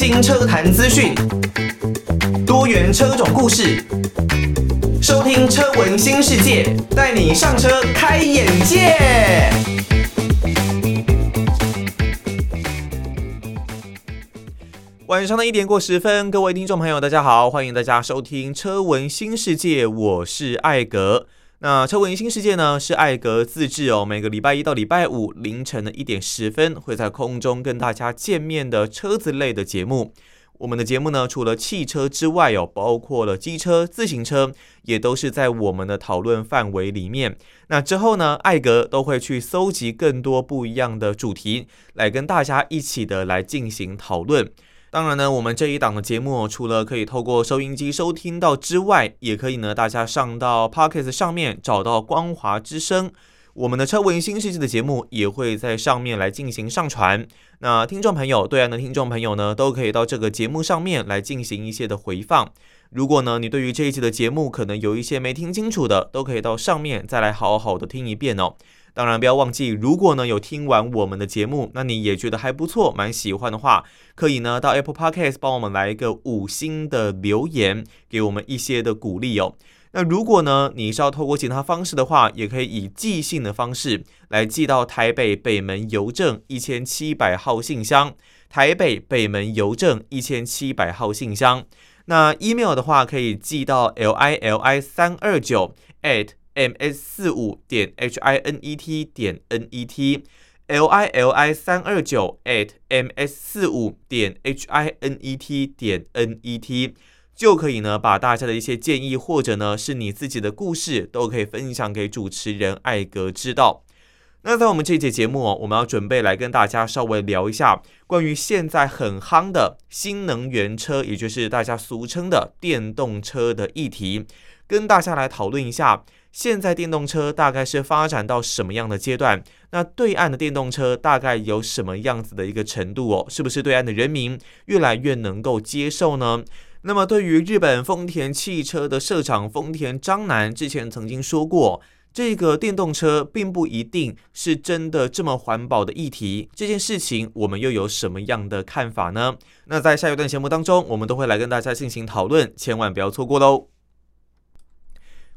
新車談、資訊，多元車種故事，收聽車聞新世界，帶你上車開眼界。晚上的一點過十分，各位聽眾朋友，大家好，歡迎大家收聽車聞新世界，我是艾格。那車聞新世界呢，是艾格自製哦，每個禮拜一到禮拜五凌晨的一點十分，會在空中跟大家見面的車子類的節目。我們的節目呢，除了汽車之外哦，包括了機車、自行車，也都是在我們的討論範圍裡面。那之後呢，艾格都會去搜集更多不一樣的主題，來跟大家一起的來進行討論。當然呢，我們這一檔的節目除了可以透過收音機收聽到之外，也可以呢，大家上到 Podcast 上面找到《光華之聲》，我們的車文新世紀的節目也會在上面來進行上傳。那聽眾朋友，對岸的聽眾朋友呢，都可以到這個節目上面來進行一些的回放。如果呢，你對於這一期的節目可能有一些沒聽清楚的，都可以到上面再來好好的聽一遍哦。當然，不要忘記，如果呢，有聽完我們的節目，那你也覺得還不錯，蠻喜歡的話，可以呢到 Apple Podcast 幫我們來一個五星的留言，給我們一些的鼓勵哦。那如果呢，你是要透過其他方式的話，也可以以寄信的方式來寄到台北北門郵政一千七百號信箱，台北北門郵政一千七百號信箱。那 email 的話可以寄到 LILI 三二九 at ms 四五點 hinet 點 net lili 三二九 at ms 四五點 hinet 點 net 就可以呢，把大家的一些建議或者呢是你自己的故事，都可以分享給主持人艾格知道。那在我們這節節目哦，我們要準備來跟大家稍微聊一下關於現在很夯的新能源車，也就是大家俗稱的電動車的議題，跟大家來討論一下。現在電動車大概是發展到什麼樣的階段？那對岸的電動車大概有什麼樣子的一個程度哦？是不是對岸的人民越來越能夠接受呢？那麼對於日本豐田汽車的社長豐田章男之前曾經說過，這個電動車並不一定是真的這麼環保的議題。這件事情我們又有什麼樣的看法呢？那在下一段節目當中，我們都會來跟大家進行討論，千萬不要錯過嘍。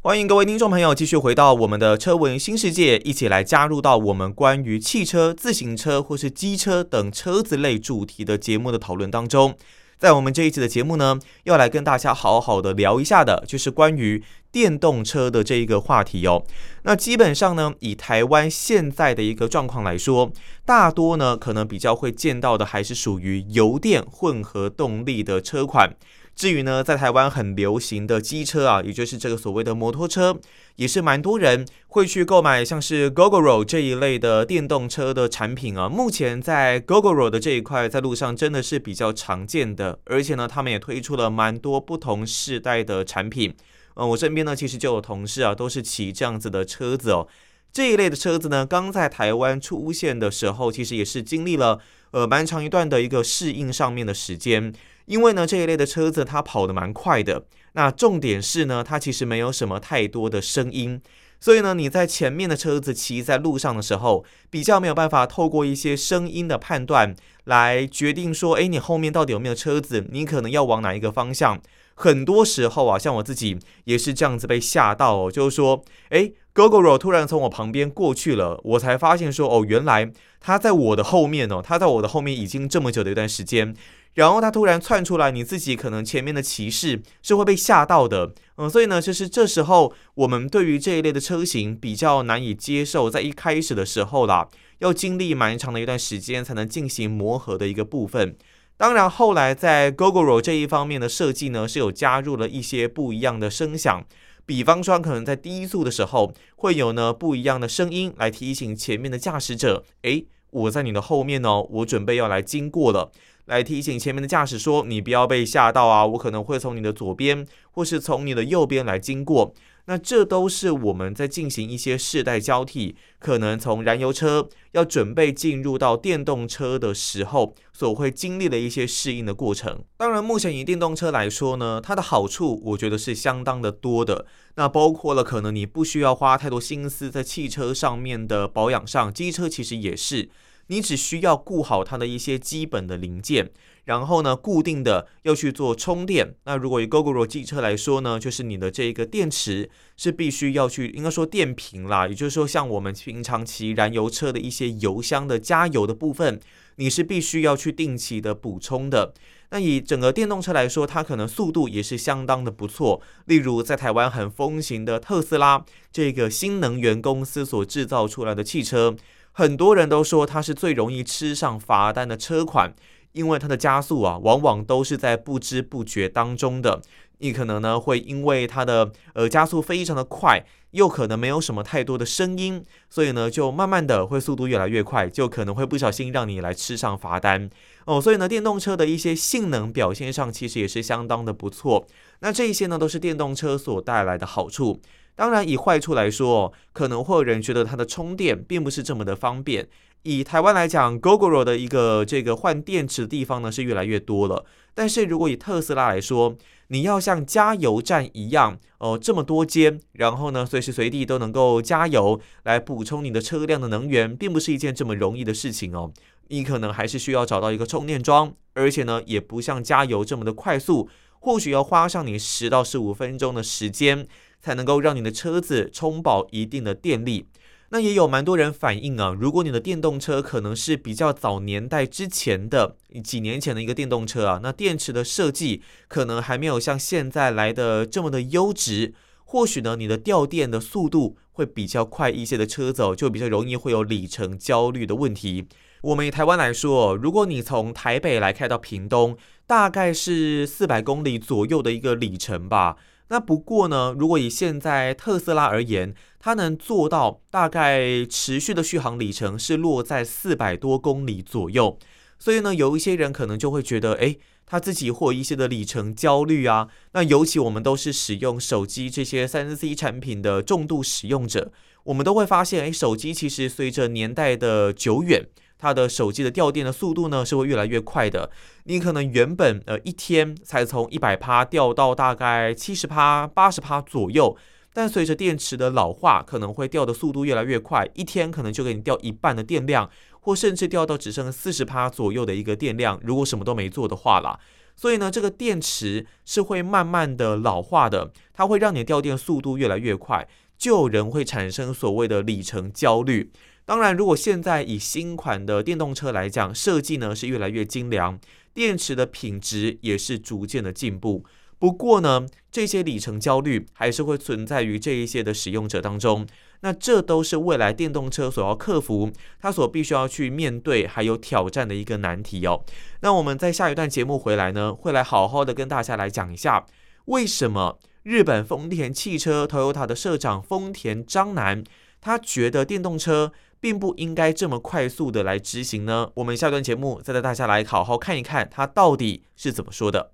歡迎各位聽眾朋友繼續回到我們的《車聞新世界》，一起來加入到我們關於汽車、自行車或是機車等車子類主題的節目的討論當中。在我們這一期的節目呢，要來跟大家好好的聊一下的，就是關於電動車的這一個話題喲、哦。那基本上呢，以台灣現在的一個狀況來說，大多呢可能比較會見到的，還是屬於油電混合動力的車款。至於呢，在台灣很流行的機車啊，也就是這個所謂的摩托車，也是蠻多人會去購買，像是 Gogoro 這一類的電動車的產品啊。目前在 Gogoro 的這一塊，在路上真的是比較常見的，而且呢，他們也推出了蠻多不同世代的產品。嗯，我身邊呢，其實就有同事啊，都是騎這樣子的車子哦。這一類的車子呢，剛在台灣出現的時候，其實也是經歷了呃蠻長一段的一個適應上面的時間。因為呢，這一類的車子它跑得蠻快的。那重點是呢，它其實沒有什麼太多的聲音。所以呢，你在前面的車子騎在路上的時候，比較沒有辦法透過一些聲音的判斷來決定說，誒，你後面到底有沒有車子？你可能要往哪一個方向？很多時候啊，像我自己也是這樣子被嚇到哦，就是說，誒，Gogoro 突然從我旁邊過去了，我才發現說，哦，原來他在我的後面哦，他在我的後面已經這麼久的一段時間。然後它突然竄出來，你自己可能前面的騎士是會被嚇到的，嗯，所以呢，就是這時候我們對於這一類的車型比較難以接受，在一開始的時候啦，要經歷蠻長的一段時間才能進行磨合的一個部分。當然，後來在 Gogoro 這一方面的設計呢，是有加入了一些不一樣的聲響，比方說可能在低速的時候會有呢不一樣的聲音來提醒前面的駕駛者，誒，我在你的後面呢、哦，我準備要來經過了。來提醒前面的駕駛說：“你不要被嚇到啊，我可能會從你的左邊或是從你的右邊來經過。”那這都是我們在進行一些世代交替，可能從燃油車要準備進入到電動車的時候，所會經歷的一些適應的過程。當然，目前以電動車來說呢，它的好處我覺得是相當的多的。那包括了可能你不需要花太多心思在汽車上面的保養上，機車其實也是。你只需要顧好它的一些基本的零件，然後呢，固定的要去做充電。那如果以 Gogoro 機車來說呢，就是你的這個電池是必須要去，應該說電瓶啦，也就是說，像我們平常騎燃油車的一些油箱的加油的部分，你是必須要去定期的補充的。那以整個電動車來說，它可能速度也是相當的不錯。例如在台灣很風行的特斯拉，這個新能源公司所制造出來的汽車。很多人都說它是最容易吃上罰單的車款，因為它的加速啊，往往都是在不知不覺當中的。你可能呢會因為它的呃加速非常的快，又可能沒有什麼太多的聲音，所以呢就慢慢的會速度越來越快，就可能會不小心讓你來吃上罰單哦。所以呢，電動車的一些性能表現上其實也是相當的不錯。那這些呢都是電動車所帶來的好處。當然，以壞處來說，可能會有人覺得它的充電並不是這麼的方便。以台灣來講，Gogoro 的一個這個換電池的地方呢是越來越多了。但是如果以特斯拉來說，你要像加油站一樣，哦、呃、這麼多間，然後呢隨時隨地都能夠加油來補充你的車輛的能源，並不是一件這麼容易的事情哦。你可能還是需要找到一個充電樁，而且呢也不像加油這麼的快速，或許要花上你十到十五分鐘的時間。才能夠讓你的車子充飽一定的電力。那也有蠻多人反映啊，如果你的電動車可能是比較早年代之前的幾年前的一個電動車啊，那電池的設計可能還沒有像現在來的這麼的優質，或許呢你的掉電的速度會比較快一些的車子，就比較容易會有里程焦慮的問題。我們以台灣來說，如果你從台北來開到屏東，大概是四百公里左右的一個里程吧。那不過呢，如果以現在特斯拉而言，它能做到大概持續的續航里程是落在四百多公里左右。所以呢，有一些人可能就會覺得，誒，他自己或有一些的里程焦慮啊。那尤其我們都是使用手機這些三 C 產品的重度使用者，我們都會發現，誒，手機其實隨着年代的久遠。它的手機的掉電的速度呢，是會越來越快的。你可能原本呃一天才從一百趴掉到大概七十趴、八十趴左右，但隨着電池的老化，可能會掉的速度越來越快，一天可能就給你掉一半的電量，或甚至掉到只剩四十趴左右的一個電量，如果什麼都沒做的話啦。所以呢，這個電池是會慢慢的老化的，它會讓你掉電的速度越來越快，就有人會產生所謂的里程焦慮。當然，如果現在以新款的電動車來講，設計呢是越來越精良，電池的品質也是逐漸的進步。不過呢，這些里程焦慮還是會存在於這一些的使用者當中。那這都是未來電動車所要克服、他所必須要去面對還有挑戰的一個難題哦。那我們在下一段節目回來呢，會來好好的跟大家來講一下，為什麼日本豐田汽車、Toyota 的社長豐田章男，他覺得電動車。並不應該這麼快速的來執行呢。我們下段節目再帶大家來好好看一看他到底是怎麼說的。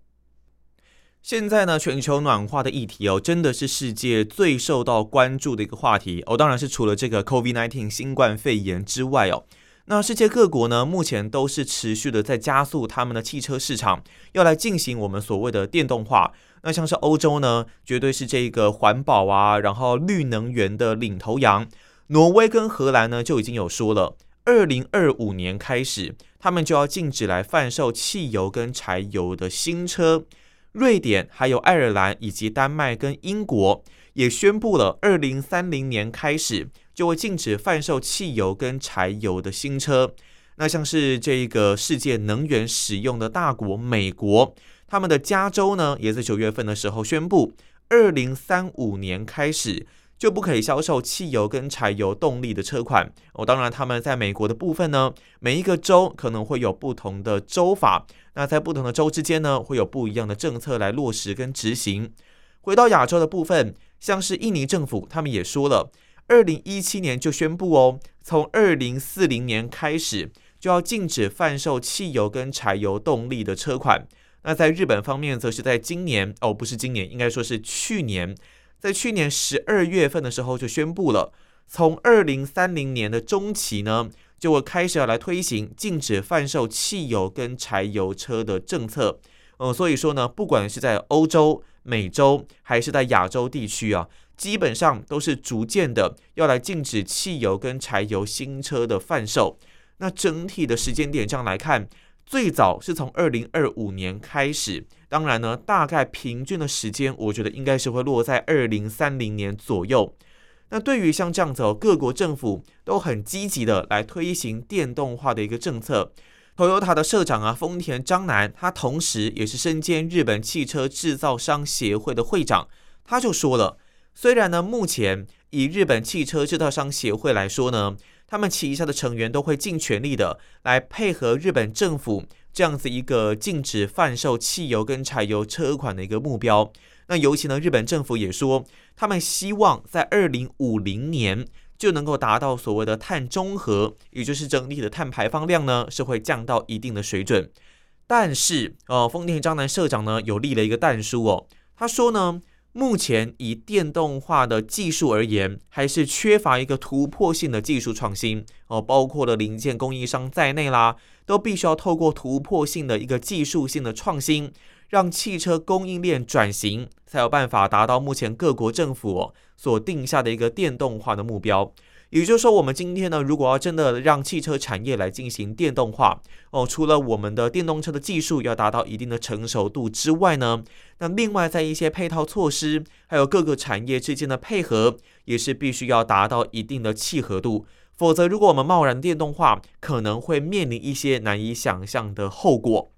現在呢，全球暖化的議題哦，真的是世界最受到關注的一個話題哦。當然是除了這個 COVID-19 新冠肺炎之外哦，那世界各國呢，目前都是持續的在加速他們的汽車市場，要來進行我們所謂的電動化。那像是歐洲呢，絕對是這個環保啊，然後綠能源的領頭羊。挪威跟荷蘭呢，就已經有說了，二零二五年開始，他們就要禁止來販售汽油跟柴油的新車。瑞典，還有愛爾蘭以及丹麥跟英國也宣布了，二零三零年開始就會禁止販售汽油跟柴油的新車。那像是這個世界能源使用的大國美國，他們的加州呢，也在九月份的時候宣布，二零三五年開始。就不可以銷售汽油跟柴油動力的車款。哦，當然，他們在美國的部分呢，每一個州可能會有不同的州法。那在不同的州之間呢，會有不一樣的政策來落實跟執行。回到亞洲的部分，像是印尼政府，他們也說了，二零一七年就宣布哦，從二零四零年開始就要禁止販售汽油跟柴油動力的車款。那在日本方面，則是在今年哦，不是今年，應該說是去年。在去年十二月份的時候就宣布了，從二零三零年的中期呢，就會開始要來推行禁止販售汽油跟柴油車的政策。嗯，所以說呢，不管是在歐洲、美洲還是在亞洲地區啊，基本上都是逐漸的要來禁止汽油跟柴油新車的販售。那整體的時間點上來看，最早是從二零二五年開始。當然呢，大概平均的時間，我覺得應該是會落在二零三零年左右。那對於像這樣子哦，各國政府都很積極的來推行電動化的一個政策。Toyota 的社長啊，豐田章男，他同時也是身兼日本汽車製造商協會的會長，他就說了，雖然呢，目前以日本汽車製造商協會來說呢，他們旗下的成員都會盡全力的來配合日本政府。這樣子一個禁止販售汽油跟柴油車款的一個目標。那尤其呢，日本政府也說，他們希望在二零五零年就能夠達到所謂的碳中和，也就是整體的碳排放量呢是會降到一定的水準。但是，呃、哦，豐田章男社長呢有立了一個但書哦，他說呢。目前以電動化的技術而言，還是缺乏一個突破性的技術創新哦，包括了零件供應商在內啦，都必須要透過突破性的一個技術性的創新，讓汽車供應鏈轉型，才有辦法達到目前各國政府所定下的一個電動化的目標。也就是說，我們今天呢，如果要真的讓汽車產業來進行電動化，哦，除了我們的電動車的技術要達到一定的成熟度之外呢，那另外在一些配套措施，還有各個產業之間的配合，也是必須要達到一定的契合度。否則，如果我們貿然電動化，可能會面臨一些難以想象的後果。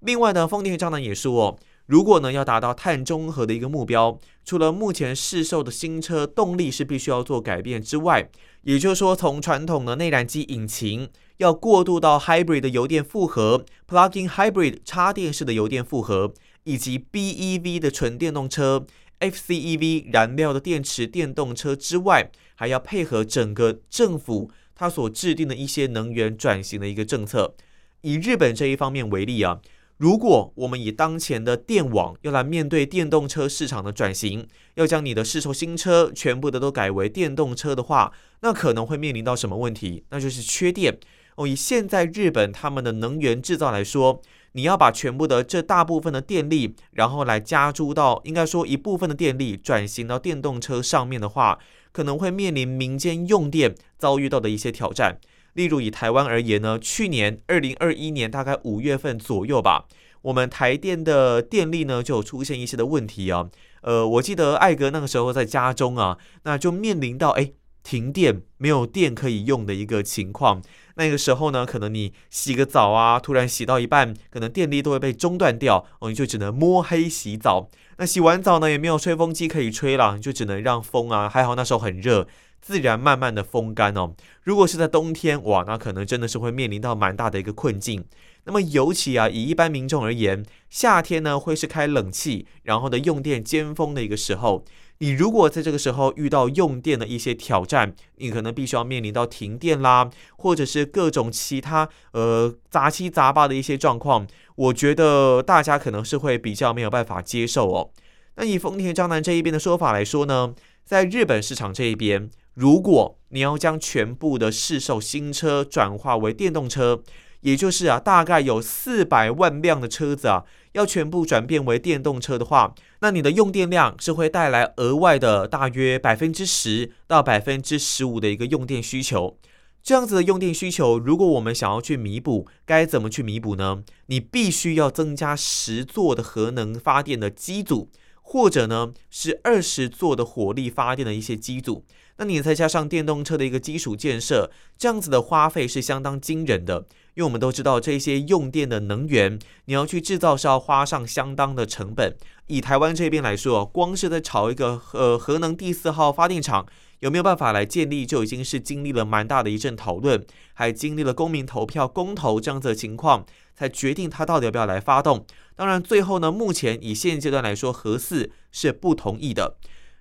另外呢，豐田章男也說，哦，如果呢要達到碳中和的一個目標，除了目前市售的新車動力是必須要做改變之外，也就是說，從傳統的內燃機引擎要過渡到 hybrid 的油電複合、plug-in hybrid 插電式的油電複合，以及 BEV 的純電動車、FCEV 燃料的電池電動車之外，還要配合整個政府它所制定的一些能源轉型的一個政策。以日本這一方面為例啊。如果我們以當前的電網要來面對電動車市場的轉型，要將你的市售新車全部的都改為電動車的話，那可能會面臨到什麼問題？那就是缺電。哦，以現在日本他們的能源制造來說，你要把全部的這大部分的電力，然後來加注到應該說一部分的電力轉型到電動車上面的話，可能會面臨民間用電遭遇到的一些挑戰。例如以台灣而言呢，去年二零二一年大概五月份左右吧，我們台電的電力呢就有出現一些的問題啊。呃，我記得艾格那個時候在家中啊，那就面臨到、欸、停電沒有電可以用的一個情況。那個時候呢，可能你洗個澡啊，突然洗到一半，可能電力都會被中斷掉，哦，你就只能摸黑洗澡。那洗完澡呢，也沒有吹風機可以吹了，你就只能讓風啊。還好那時候很熱。自然慢慢的風乾哦。如果是在冬天哇，那可能真的是會面臨到蠻大的一個困境。那麼尤其啊，以一般民眾而言，夏天呢會是開冷氣，然後呢用電尖峰的一個時候。你如果在這個時候遇到用電的一些挑戰，你可能必須要面臨到停電啦，或者是各種其他呃雜七雜八的一些狀況。我覺得大家可能是會比較沒有辦法接受哦。那以豐田章男這一邊的說法來說呢，在日本市場這一邊。如果你要將全部的市售新車轉化為電動車，也就是啊，大概有四百萬輛的車子啊，要全部轉變為電動車的話，那你的用電量是會帶來額外的大約百分之十到百分之十五的一個用電需求。這樣子的用電需求，如果我們想要去彌補，該怎麼去彌補呢？你必須要增加十座的核能發電的機組，或者呢，是二十座的火力發電的一些機組。那你再加上電動車的一個基礎建設，這樣子的花費是相當驚人的。因為我們都知道，這些用電的能源，你要去製造是要花上相當的成本。以台灣這邊來說，光是在吵一個呃核能第四號發電廠，有沒有辦法來建立，就已經是經歷了蠻大的一陣討論，還經歷了公民投票、公投這樣子的情況，才決定它到底要不要來發動。當然，最後呢，目前以現階段來說，核四是不同意的。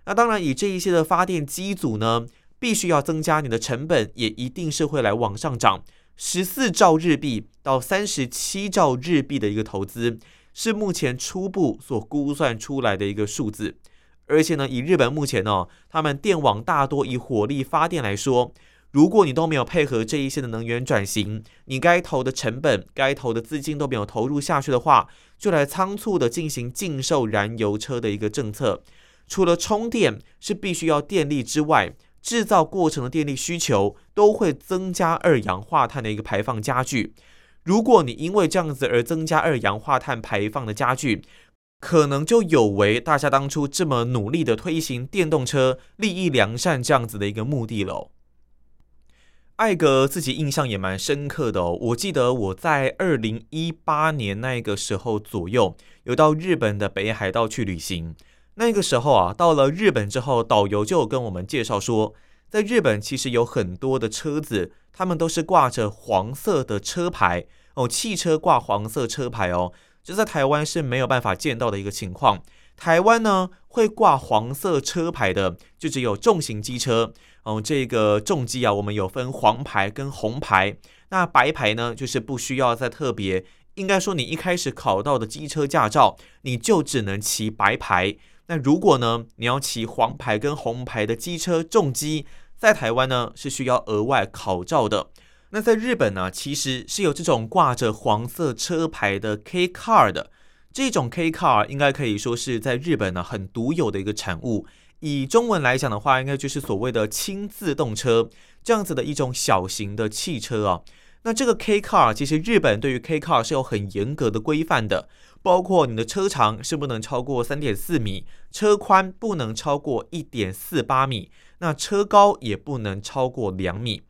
那當然，以這一些的發電機組呢，必須要增加你的成本，也一定是會來往上漲。十四兆日幣到三十七兆日幣的一個投資，是目前初步所估算出來的一個數字。而且呢，以日本目前呢、哦，他們電網大多以火力發電來說，如果你都沒有配合這一些的能源轉型，你該投的成本、該投的資金都沒有投入下去的話，就來倉促地進行禁售燃油車的一個政策。除了充電是必須要電力之外，製造過程的電力需求都會增加二氧化碳的一個排放加劇。如果你因為這樣子而增加二氧化碳排放的加劇，可能就有違大家當初這麼努力的推行電動車、利益良善這樣子的一個目的了哦。艾格自己印象也蠻深刻的哦，我記得我在二零一八年那個時候左右，有到日本的北海道去旅行。那個時候啊，到了日本之後，導遊就跟我們介紹說，在日本其實有很多的車子，他們都是掛着黃色的車牌哦，汽車掛黃色車牌哦，這在台灣是沒有辦法見到的一個情況。台灣呢，會掛黃色車牌的，就只有重型機車哦，這個重機啊，我們有分黃牌跟紅牌，那白牌呢，就是不需要再特別，應該說你一開始考到的機車駕照，你就只能騎白牌。那如果呢，你要騎黃牌跟紅牌的機車重機，在台灣呢，是需要額外考照的。那在日本呢、啊，其實是有這種掛着黃色車牌的 K car 的，這種 K car 應該可以說是在日本呢、啊、很獨有的一個產物。以中文來講的話，應該就是所謂的輕自動車這樣子的一種小型的汽車啊。那這個 K car 其實，日本對於 K car 是有很嚴格的規範的。包括你的車長是不能超過三點四米，車寬不能超過一點四八米，那車高也不能超過兩米。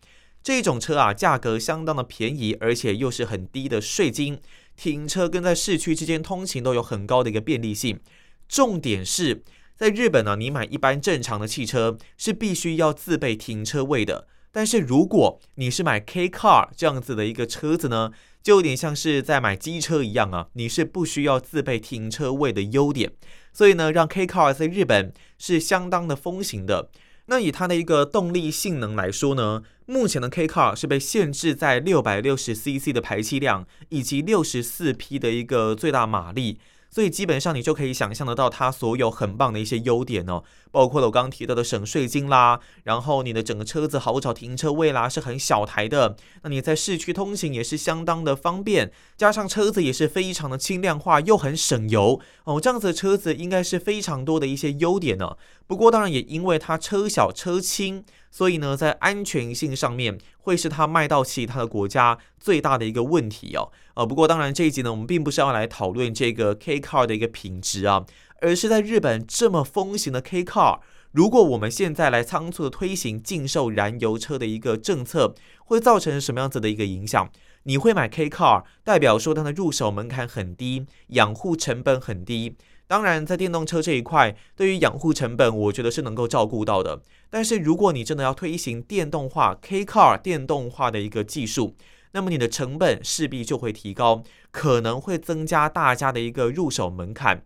這種車啊，價格相當的便宜，而且又是很低的稅金，停車跟在市區之間通勤都有很高的一個便利性。重點是在日本呢，啊，你買一般正常的汽車是必須要自備停車位的。但是，如果你是買 K Car 這樣子的一個車子呢，就有點像是在買機車一樣啊。你是不需要自備停車位的優點，所以呢，讓 K Car 在日本是相當的風行的。那以它的一個動力性能來說呢，目前的 K Car 是被限制在六百六十 CC 的排氣量以及六十四匹的一個最大馬力，所以基本上你就可以想象得到它所有很棒的一些優點哦。包括了我剛剛提到的省稅金啦，然後你的整個車子好找停車位啦，是很小台的。那你在市區通行也是相當的方便，加上車子也是非常的輕量化又很省油哦。這樣子的車子應該是非常多的一些優點呢、啊。不過當然也因為它車小車輕，所以呢，在安全性上面會是它賣到其他的國家最大的一個問題、啊、哦。呃，不過當然這一集呢，我們並不是要來討論這個 K Car 的一個品質啊。而是在日本這麼風行的 K Car，如果我們現在來倉促的推行禁售燃油車的一個政策，會造成什麼樣子的一個影響？你會買 K Car，代表說它的入手門檻很低，養護成本很低。當然，在電動車這一塊，對於養護成本，我覺得是能夠照顧到的。但是，如果你真的要推行電動化，K Car 電動化的一個技術，那麼你的成本勢必就會提高，可能會增加大家的一個入手門檻。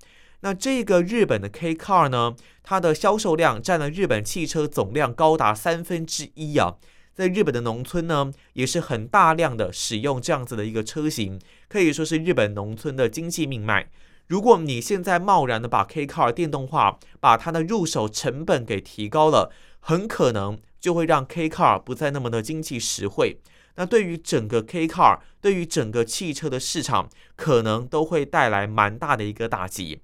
那這個日本的 K Car 呢，它的銷售量占了日本汽車總量高達三分之一啊，在日本的農村呢，也是很大量的使用這樣子的一個車型，可以說是日本農村的經濟命脈。如果你現在貿然的把 K Car 電動化，把它的入手成本給提高了，很可能就會讓 K Car 不再那麼的經濟實惠。那對於整個 K Car，對於整個汽車的市場，可能都會帶來蠻大的一個打擊。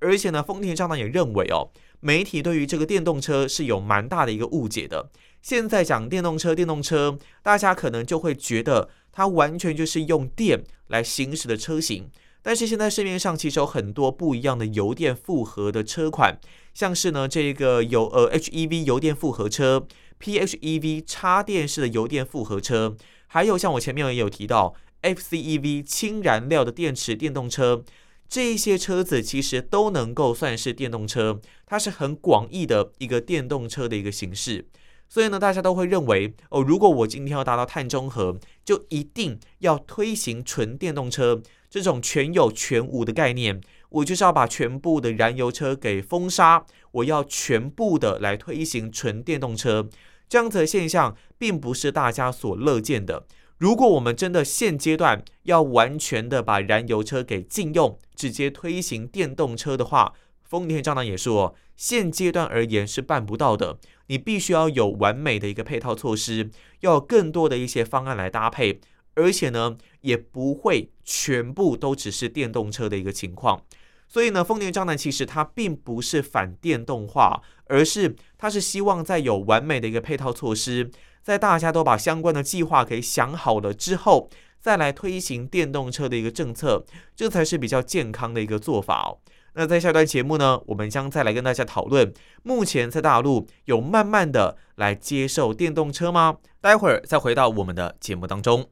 而且呢，豐田章男也認為哦，媒體對於這個電動車是有蠻大的一個誤解的。現在講電動車，電動車大家可能就會覺得它完全就是用電來行駛的車型。但是現在市面上其實有很多不一樣的油電複合的車款，像是呢這個有呃 HEV 油電複合車、PHEV 插電式的油電複合車，還有像我前面也有提到 FCEV 氫燃料的電池電動車。這些車子其實都能夠算是電動車，它是很廣義的一個電動車的一個形式。所以呢，大家都會認為，哦，如果我今天要達到碳中和，就一定要推行純電動車。這種全有全無的概念，我就是要把全部的燃油車給封殺，我要全部的來推行純電動車。這樣子的現象，並不是大家所樂見的。如果我們真的現階段要完全的把燃油車給禁用，直接推行電動車的話，豐田章男也說，現階段而言是辦不到的。你必須要有完美的一個配套措施，要有更多的一些方案來搭配，而且呢，也不會全部都只是電動車的一個情況。所以呢，豐田章男其實他並不是反電動化，而是他是希望在有完美的一個配套措施。在大家都把相關的計劃給想好了之後，再來推行電動車的一個政策，這才是比較健康的一個做法。那在下段節目呢，我們將再來跟大家討論，目前在大陸有慢慢的來接受電動車嗎？待會兒再回到我們的節目當中。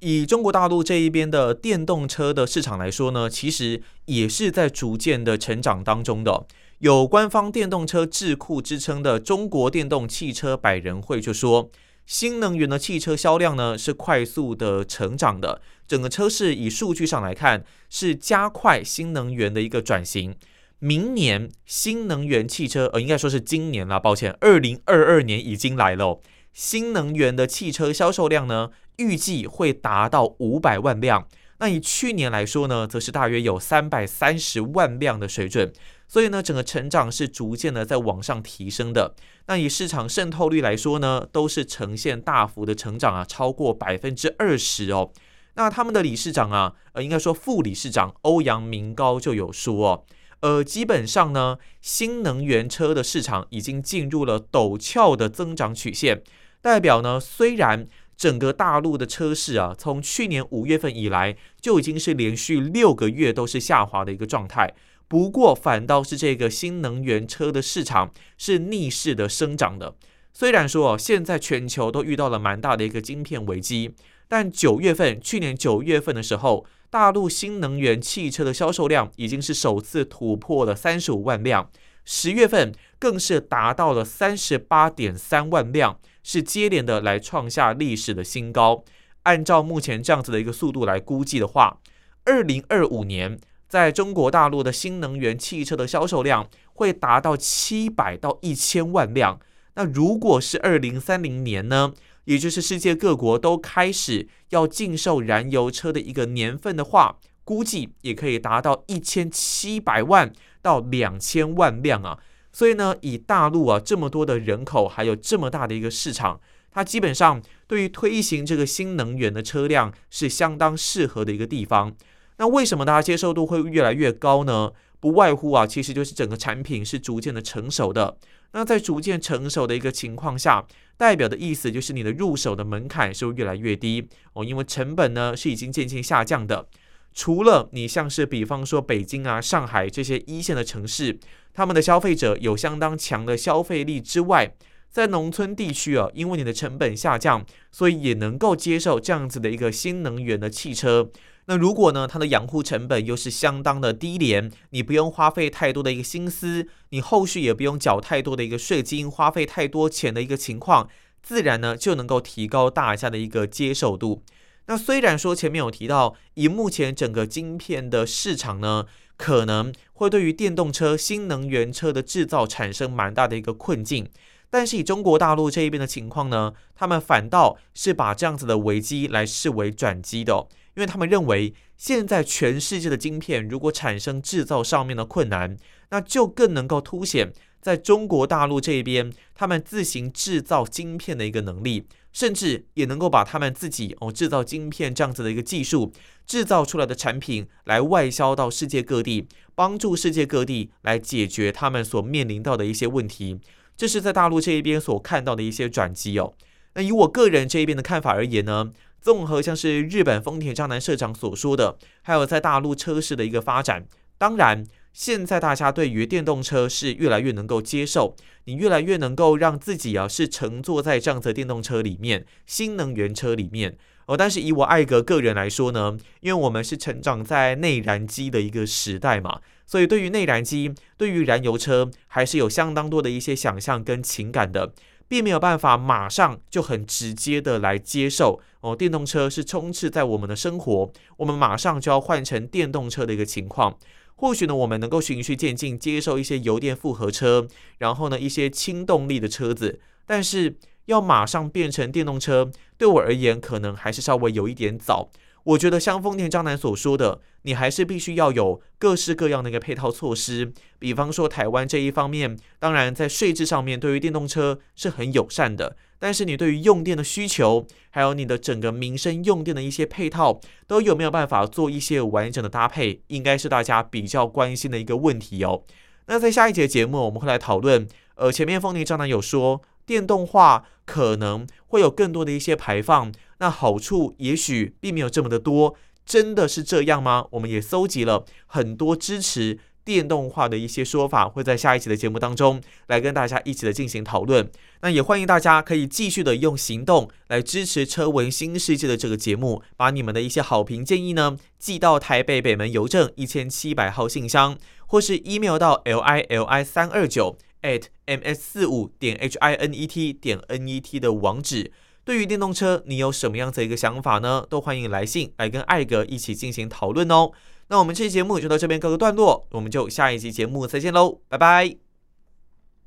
以中國大陸這一邊的電動車的市場來說呢，其實也是在逐漸的成長當中的。有官方電動車智庫之稱的中國電動汽車百人會就說，新能源的汽車銷量呢是快速的成長的，整個車市以數據上來看是加快新能源的一個轉型。明年新能源汽車，呃，應該說是今年了，抱歉，二零二二年已經來了。新能源的汽車銷售量呢，預計會達到五百萬輛。那以去年來說呢，則是大約有三百三十萬輛的水準。所以呢，整個成長是逐漸的在往上提升的。那以市場滲透率來說呢，都是呈現大幅的成長啊，超過百分之二十哦。那他們的理事長啊，呃，應該說副理事長歐陽明高就有說哦，呃，基本上呢，新能源車的市場已經進入了陡峭的增長曲線。代表呢，雖然整個大陸的車市啊，從去年五月份以來就已經是連續六個月都是下滑的一個狀態，不過反倒是這個新能源車的市場是逆勢的生長的。雖然說現在全球都遇到了蠻大的一個晶片危機，但九月份，去年九月份的時候，大陸新能源汽車的銷售量已經是首次突破了三十五萬輛，十月份更是達到了三十八點三萬輛。是接連的來創下歷史的新高。按照目前這樣子的一個速度來估計的話，二零二五年在中國大陸的新能源汽車的銷售量會達到七百到一千萬輛。那如果是二零三零年呢，也就是世界各國都開始要禁售燃油車的一個年份的話，估計也可以達到一千七百萬到兩千萬輛啊。所以呢，以大陸啊這麼多的人口，還有這麼大的一個市場，它基本上對於推行這個新能源的車輛是相當適合的一個地方。那為什麼大家接受度會越來越高呢？不外乎啊，其實就是整個產品是逐漸的成熟的。那在逐漸成熟的一個情況下，代表的意思就是你的入手的門檻是會越來越低哦，因為成本呢是已經漸漸下降的。除了你像是比方說北京啊、上海這些一線的城市，他們的消費者有相當強的消費力之外，在農村地區啊，因為你的成本下降，所以也能夠接受這樣子的一個新能源的汽車。那如果呢，它的養護成本又是相當的低廉，你不用花費太多的一個心思，你後續也不用繳太多的一個稅金，花費太多錢的一個情況，自然呢，就能夠提高大家的一個接受度。那雖然說前面有提到，以目前整個晶片的市場呢，可能會對於電動車、新能源車的制造產生蠻大的一個困境，但是以中國大陸這一邊的情況呢，他們反倒是把這樣子的危機來視為轉機的哦，因為他們認為現在全世界的晶片如果產生制造上面的困難，那就更能夠凸顯。在中國大陸這一邊，他們自行製造晶片的一個能力，甚至也能夠把他們自己哦製造晶片這樣子的一個技術製造出來的產品來外銷到世界各地，幫助世界各地來解決他們所面臨到的一些問題。這是在大陸這一邊所看到的一些轉機哦。那以我個人這一邊的看法而言呢，綜合像是日本豐田章男社長所說的，還有在大陸車市的一個發展，當然。現在大家對於電動車是越來越能夠接受，你越來越能夠讓自己啊是乘坐在這樣子的電動車裡面，新能源車裡面哦。但是以我艾格個人來說呢，因為我們是成長在內燃機的一個時代嘛，所以對於內燃機，對於燃油車還是有相當多的一些想象跟情感的，並沒有辦法馬上就很直接的來接受哦。電動車是充斥在我們的生活，我們馬上就要換成電動車的一個情況。或許呢，我們能夠循序漸進，接受一些油電複合車，然後呢，一些輕動力的車子，但是要馬上變成電動車，對我而言可能還是稍微有一點早。我覺得像豐田章男所說的，你還是必須要有各式各樣的一個配套措施。比方說台灣這一方面，當然在稅制上面對於電動車是很友善的，但是你對於用電的需求，還有你的整個民生用電的一些配套，都有沒有辦法做一些完整的搭配，應該是大家比較關心的一個問題喲、哦。那在下一節節目我們會來討論。呃，前面豐田章男有說。電動化可能會有更多的一些排放，那好處也許並沒有這麼的多，真的是這樣嗎？我們也蒐集了很多支持電動化的一些說法，會在下一期的節目當中來跟大家一起的進行討論。那也歡迎大家可以繼續的用行動來支持《車聞新世界》的這個節目，把你們的一些好評建議呢寄到台北北門郵政一千七百號信箱，或是 email 到 LILI 三二九。at ms 四五點 hinet 點 net 的網址。對於電動車，你有什麼樣子一個想法呢？都歡迎來信來跟艾格一起進行討論哦。那我們這期節目就到這邊告個段落，我們就下一期節目再見嘍，拜拜。